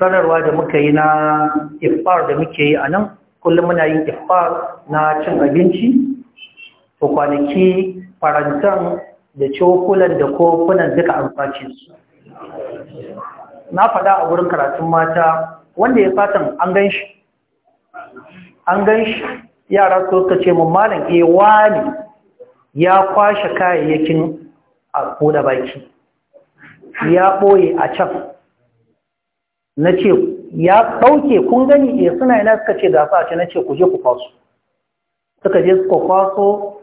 sanarwa da muka yi na ifar da muke yi a nan kullum muna yin ifar na cin abinci to kwanaki farantan da cokulan da kofunan duka amfaci su na faɗa a wurin karatun mata wanda ya fatan an gan shi an gan shi yara su suka ce mun malam ewa eh, wani ya kwashe kayayyakin a koda baki ya ɓoye a can na ce ya ɗauke kun gani e suna ina suka ce gasa a ce na ce ku je ku kwaso suka je suka kwaso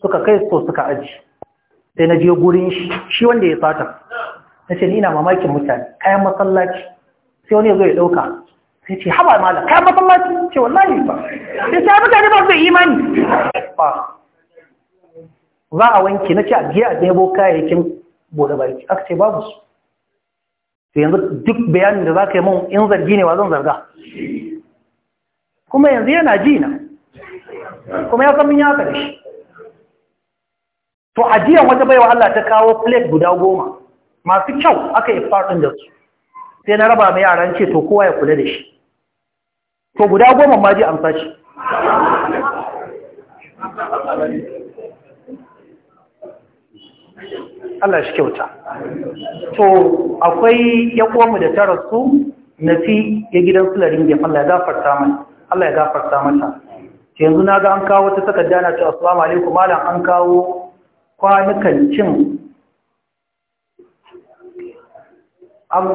suka kai so suka aji sai na je gurin shi shi wanda ya fata na ce ni ina mamakin mutane kayan masallaci sai wani ya zo ya ɗauka sai ce haɓa mala kayan masallaci ce wallahi ba sai sai mutane ba su imani ba za a wanke na ce a biya a ɗebo kayayyakin bude baki aka ce babu su to yanzu duk bayanin da za ka yi mun in zargi ne wa zan zarga kuma yanzu yana ji na kuma ya san min ya kare shi to ajiyan wata baiwa Allah ta kawo plate guda goma masu kyau aka yi faɗin da su sai na raba mai yaran ce to kowa ya kula da shi to guda goma ma ji amsa shi Allah shi kyauta to akwai ya komu da tara su na fi ya gidan sularin ya Allah ya gafarta mai Allah ya gafarta mata yanzu na ga an kawo ta takarda na ce assalamu alaikum malam an kawo kwanukan cin am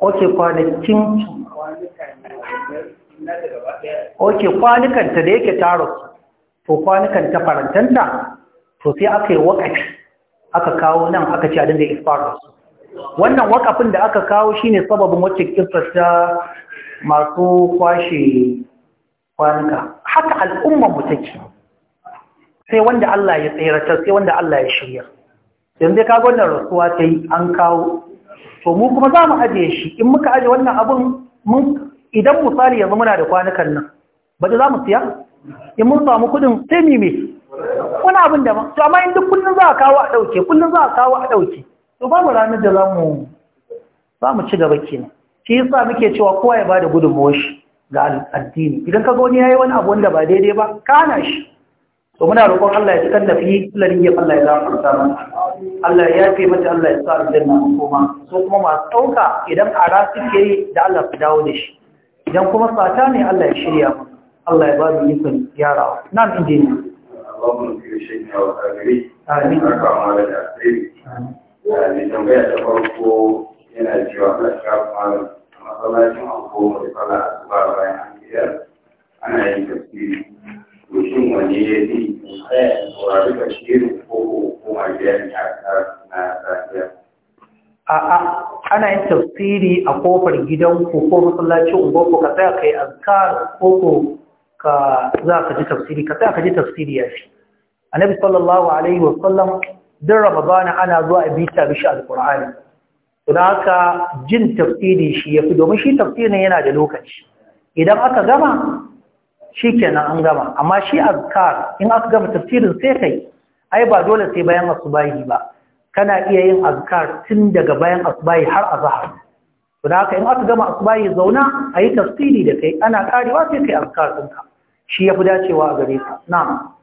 oke kwanukan oke kwanukan ta da yake taro to kwanukan ta farantanta to sai aka yi wakafi aka kawo nan aka ci a dinga isfar su wannan wakafin da aka kawo shine sababin wacce kissar ta masu kwashe kwanuka haka al'ummar mu take sai wanda Allah ya tsirata sai wanda Allah ya shirya yanzu ka ga wannan rasuwa ta yi an kawo to mu kuma za mu ajiye shi in muka ajiye wannan abun mun idan misali yanzu muna da kwanukan nan ba za mu siya in mun samu kudin sai mu me wani abin daban to amma inda kullum za a kawo a ɗauke kullum za a kawo a ɗauke to ba mu ranar da za mu ci gaba kenan shi yasa muke cewa kowa ya bada gudunmawar shi ga addini idan ka gani yayi wani abu wanda ba daidai ba kana shi to muna roƙon Allah ya cikan nafi lalin ya Allah ya gafarta mu. Allah ya yafe mata Allah ya sa aljanna kuma so kuma masu ɗauka idan ara suke da Allah su dawo da shi idan kuma sata ne Allah ya shirya Allah ya ba mu ikon yarawa nan injiniya اللهم في شيئنا وآخره أركع مالا الأخير لتنبيه تفرقه من الجواب الأشعاب مالا أما صلاة معقوم وصلاة أكبر بين أنبياء أنا أي تفسير وشم وليدي ورابط الشير وقوم أجيال حتى ناساتيا A'a, ana yin tafsiri a kofar gidanku ko masallacin unguwarku ka tsaya kai azkar ko ko ka za ka ji tafsiri ka tsaya ka ji tafsiri ya fi annabi sallallahu alaihi wa sallam din ramadana ana zuwa a bita bishi alqur'ani to da haka jin tafsiri shi yafi domin shi tafsirin yana da lokaci idan aka gama shikenan an gama amma shi azkar in aka gama tafsirin sai kai ai ba dole sai bayan asubahi ba kana iya yin azkar tun daga bayan asubahi har azhar to da haka in aka gama asubahi zauna ayi tafsiri da kai ana karewa sai kai azkar ɗinka shi fi dacewa a gare ka na'am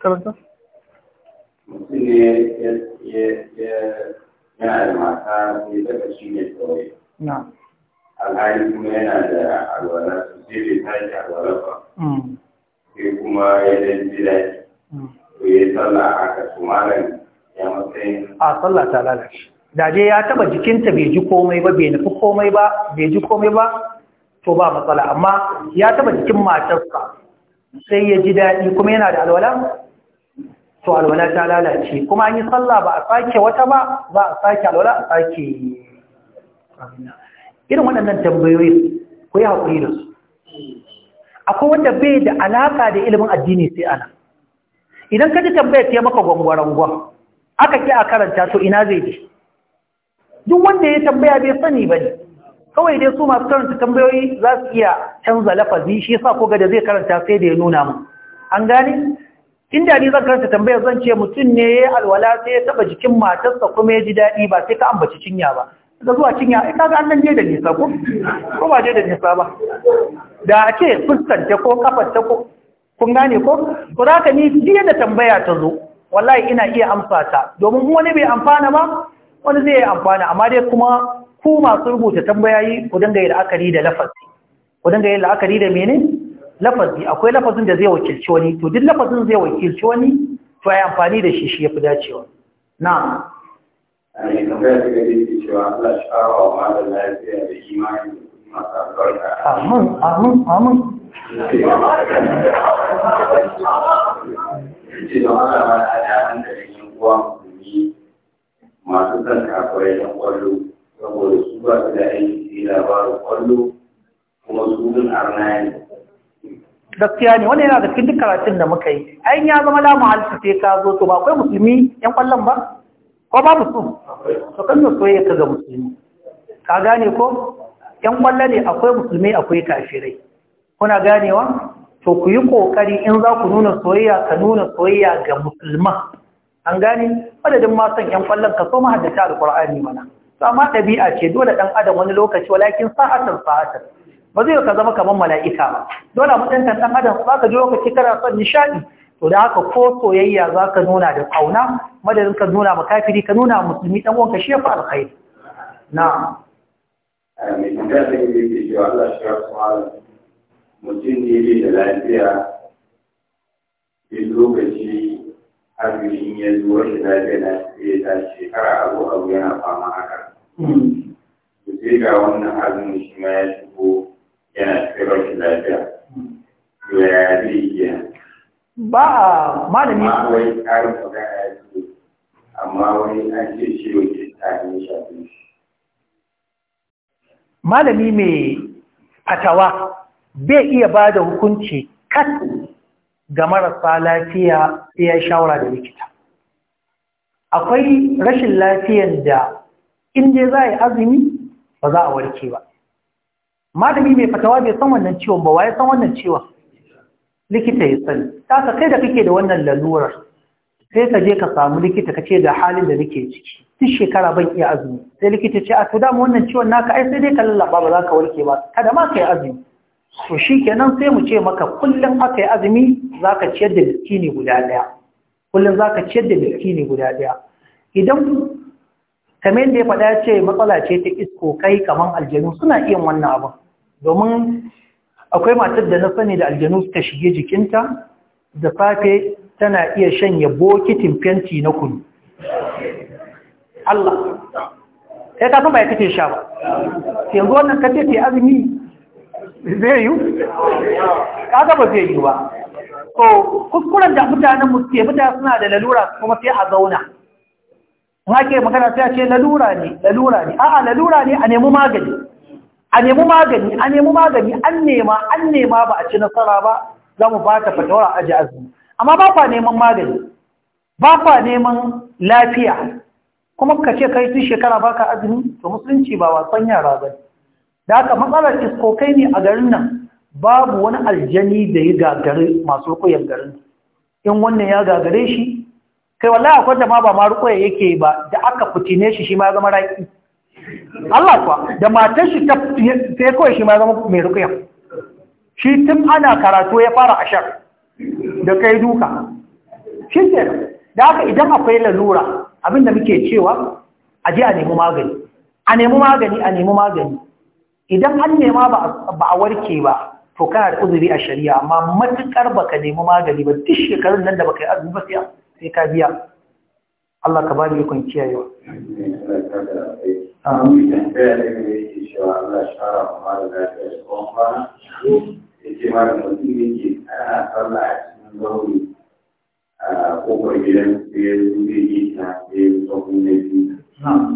karanta mutum ne yana da ne yana da alwala su zai bai tashi alwala ba sai kuma ya dan ji daɗi hmm. sallah a sallah ta lalace daje ya taba jikinta bai ji komai ba bai nufi komai ba bai ji komai ba to ba matsala amma ya taba jikin matarsa sai ya ji daɗi kuma yana da alwala to alwala ta lalace kuma an yi sallah ba a sake wata ba za a sake alwala a sake irin waɗannan tambayoyi ku yi haƙuri da su akwai wanda bai da alaƙa da ilimin addini sai ana idan ka ji tambayar ta maka gwangwarangwa aka ki a karanta to ina zai ji duk wanda ya tambaya bai sani ba ne kawai dai su masu karanta tambayoyi za su iya canza lafazi shi sa ko ga zai karanta sai da ya nuna mu an gane inda ni zan karanta tambayar zan ce mutum ne ya alwala sai ya taba jikin matarsa kuma ya ji daɗi ba sai ka ambaci cinya ba da zuwa cinya ai kaga an nan je da nisa ko ko ba je da nisa ba da a ce fuskanta ko kafarta ko kun gane ko ko za ka ni jiya da tambaya ta zo wallahi ina iya amsa ta domin wani bai amfana ba wani zai amfana amma dai kuma ku masu rubuta tambayoyi ku dinga yi la'akari da lafazi ku dinga yi la'akari da mene lafazi akwai lafazin da zai wakilci wani to duk lafazin zai wakilci wani to ai amfani da shi shi yafi dacewa na'am ai kamar da kake cewa Allah shi arawa ma da lafiya da imani da kuma sabarka amin shi da wani rama da ana hankalin yin uwa musulmi masu kan kakwai na kwallo saboda su ba su da aiki su labarin kwallo kuma su bin arna ne gaskiya ne wanda yana da cikin duk karatun da muka yi ayin ya zama lamu halittu sai ka zo to ba akwai musulmi yan kwallon ba ko ba su to kan da soyayya ga musulmi ka gane ko yan kwallo ne akwai musulmi akwai kafirai kuna ganewa to ku yi kokari in za ku nuna soyayya ka nuna soyayya ga musulman an gane madadin masan yan kwallon ka so mahaddata alqur'ani mana amma dabi'a ce dole ɗan adam wani lokaci walakin sa'atan sa'atan ba zai ka zama kamar mala'ika ba dole mutuntan ɗan adam za ka ji lokaci kana son nishaɗi to da haka ko soyayya za ka nuna da ƙauna madadin ka nuna makafiri ka nuna musulmi dan wanka shi ya fi alkhairi na mutum ne bai da lafiya duk lokaci arzikin ya zo rashin lafiya na ya ta shekara abu abu yana fama haka. Sai ga wannan azumin shi ma ya shigo yana cikin shi lafiya. Yaya zai iya? Ba a malami. Ma wai ƙarin magana ya ce, amma wani an ce ciwo ke tsarin shafi. Malami mai fatawa bai iya ba da hukunci kat ga marasa lafiya sai ya shawara da likita akwai rashin lafiyan da inda za a yi azumi ba za a warke ba malami mai fatawa bai san wannan ciwon ba waye san wannan ciwon likita ya sani ta kai da kake da wannan lalurar sai ka je ka samu likita ka ce da halin da nake ciki duk shekara ban iya azumi sai likita ce a to dama wannan ciwon naka ai sai dai ka lallaba ba za ka warke ba kada ma ka yi azumi Su shi kenan sai mu ce maka kullum aka yi azumi za ka ciyar da ne guda ɗaya kullum za ka ciyar da ne guda ɗaya idan kamar yadda ya faɗa ce matsala ce ta isko kai kamar aljanu suna iya wannan abin domin akwai matar da na sani da aljanu suka shige jikinta da safe tana iya shanye bokitin fenti na kunu Allah sai ta fi bai kace sha ba yanzu wannan kace ce azumi zai yi kaga ba zai yi ba so kuskuren da mutanen muske mutane suna da lalura kuma sai a zauna wake magana sai a ce lalura ne lalura ne a'a lalura ne a nemi magani a nemi magani a nemi magani an nema an nema ba a ci nasara ba za mu bata ta fatawar aji azumi amma ba neman magani ba neman lafiya kuma ka ce kai tun shekara baka azumi to musulunci ba wasan yara ba ne da haka matsalar iskokai ne a garin nan babu wani aljani da ya gagare masu rukuyen garin in wannan ya gagare shi kai wallahi akwai da ma ba ma rukuyen yake ba da aka fitine shi shi ma zama raki Allah kuwa da matar shi ta sai kawai shi ma zama mai rukuyen shi tun ana karatu ya fara ashar da kai duka shi ke da haka idan akwai lalura abinda muke cewa a je a nemi magani a nemi magani a nemi magani idan an nema ba a warke ba to kana da uzuri a shari'a amma matukar baka nemi magani ba duk shekarun nan da baka yi azumi ba sai ka biya Allah ka bani ikon kiyayewa ko gidan ya yi ta tsohon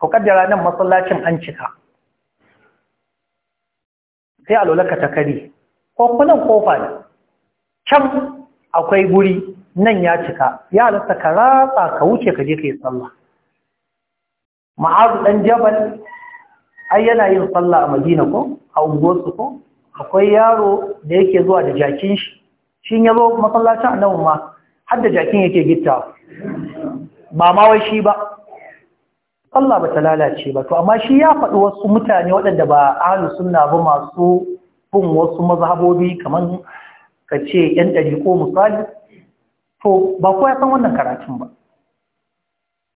ku kaddara nan masallacin an cika sai alolaka ta kare ko kunan kofa ne can akwai guri nan ya cika ya halatta ka ratsa ka wuce ka je ka yi sallah ma'azu ɗan jabal ai yana yin sallah a madina ko a unguwarsu ko akwai yaro da yake zuwa da jakin shi shi ya zo masallacin annabin ma har da jakin yake gitta ba ma wai shi ba Allah bata lalace ba to amma shi ya faɗi wasu mutane waɗanda ba ahlus sunna ba masu bin wasu mazhabobi kamar ka ce yan ɗari ko misali to ba kowa ya san wannan karatun ba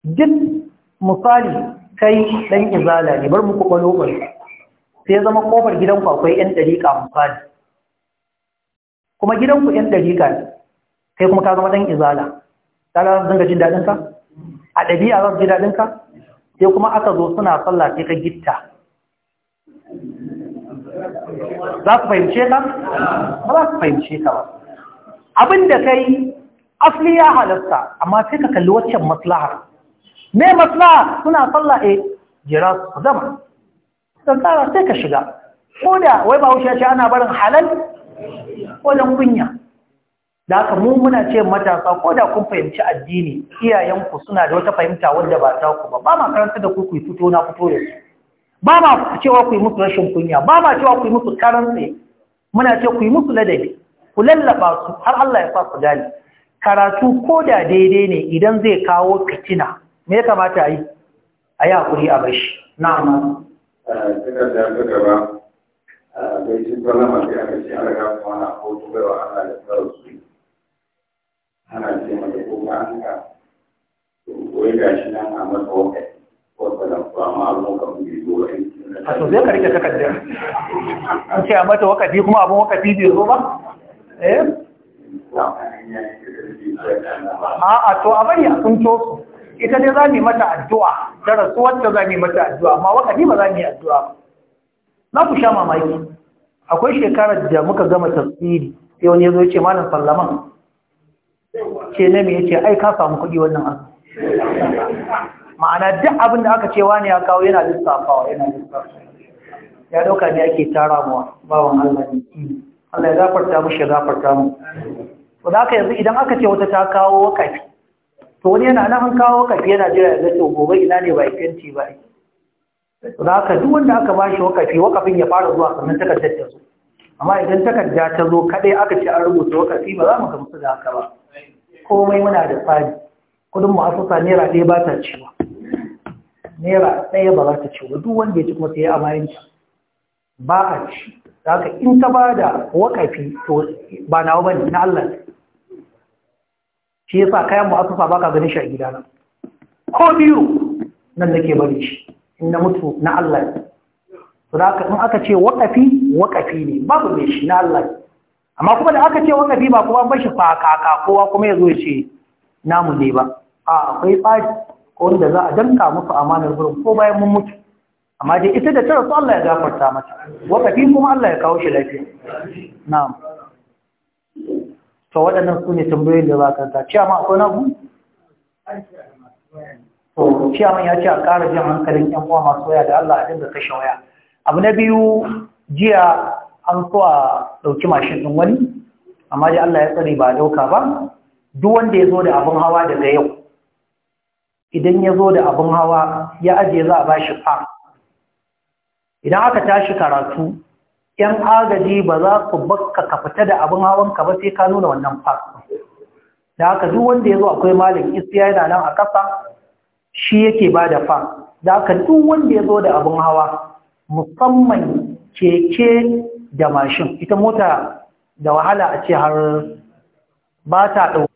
duk misali kai ɗan izala ne bar muku kwalo kwalo sai ya zama kofar gidanku akwai yan ka misali kuma gidanku yan ɗariƙa ne kai kuma ka zama ɗan izala ta ga zanga jin ka? a ɗabi'a za su daɗin ka? sai kuma aka zo suna sallah sai ka gitta za su fahimce ka? ba za su fahimce ka ba abinda ka yi asali ya halarta amma sai ka kalli waccan maslahar me maslahar? suna sallah e jira su zama tsara sai ka shiga ko da wai ba wuce ce ana barin halal wajen kunya da haka mu muna ce matasa ko da kun fahimci addini iyayenku suna da wata fahimta wadda ba ta ku ba ba ma karanta da ku ku fito na fito da su ba ma cewa ku yi musu rashin kunya ba ma cewa ku yi musu karantsi muna ce ku yi musu ladabi ku lallaba su har Allah ya sa ku gane karatu ko da daidai ne idan zai kawo fitina me ya kamata a yi a yi hakuri a Na amma. Tuna da ga gaba, eh, bai ci tsoron mafi shi kashi alaƙa kuma na kotu Allah ya da su ana ce mata ko ba an ka koyi gashi nan a masa wata ko da ba amma abin wakafi mu zo ba a to zai ka rike takardar an ce a mata wakafi kuma abin wakafi bai zo ba eh a'a to a bari a tsunto su ita dai za mu mata addu'a ta rasuwar ta za mu mata addu'a amma wakafi ba za mu yi addu'a ba na ku sha mamaki akwai shekarar da muka gama tafsiri sai wani ya zo ce malam sallaman ce na me yace ai ka samu kudi wannan an ma'ana duk abin da aka ce wani ya kawo yana lissafawa yana lissafawa ya dauka ne ake tara mawa bawan Allah ne Allah ya gafarta mu shi gafarta mu to da yanzu idan aka ce wata ta kawo wakafi to wani yana nan kawo wakafi yana jira ya ga to gobe ina ne ba ikanci ba to da haka duk wanda aka bashi wakafi wakafin ya fara zuwa sannan takardar ta su? amma idan takarda ta zo kaɗai aka ce an rubuta wakafi ba za mu gamsu da haka ba komai muna da tsari kudin asusa naira ɗaya ba ta ciwa naira ɗaya ba za ta ciwa duk wanda ya ci kuma sai ya amayanta ba a ci haka in ta ba da wakafi to ba nawa ba ne na Allah ne shi sa kayan asusa ba ka ganin shi a gidana ko biyu nan ke bari shi in na mutu na Allah ne to da haka in aka ce wakafi wakafi ne babu mai shi na Allah amma kuma da aka ce wakafi ba kuma bashi fakaka kowa kuma ya zo ya ce namu ne ba a akwai tsari ko wanda za a danka musu amanar gurin ko bayan mun mutu amma dai ita da tara su Allah ya gafarta mata wakafi kuma Allah ya kawo shi lafiya na'am to waɗannan su ne tambayoyin da za ka ta ciyama akwai na ku? to ciyaman ya ce a ƙara jan hankalin ƴan uwa masu waya da Allah a dinga kashe waya abu na biyu jiya an so a ɗauki mashin ɗin wani amma da Allah ya tsare ba a ɗauka ba duk wanda ya zo da abin hawa daga yau idan ya zo da abin hawa ya ajiye za a ba shi fa idan aka tashi karatu ‘yan agaji ba za su bakka ka fita da abin hawan ka ba sai ka nuna wannan fa da haka duk wanda ya zo akwai malam isiya yana nan a ƙasa shi yake ba da fa da haka duk wanda ya zo da abin hawa musamman keke da mashin ita mota da wahala a ce har ba ta ɗau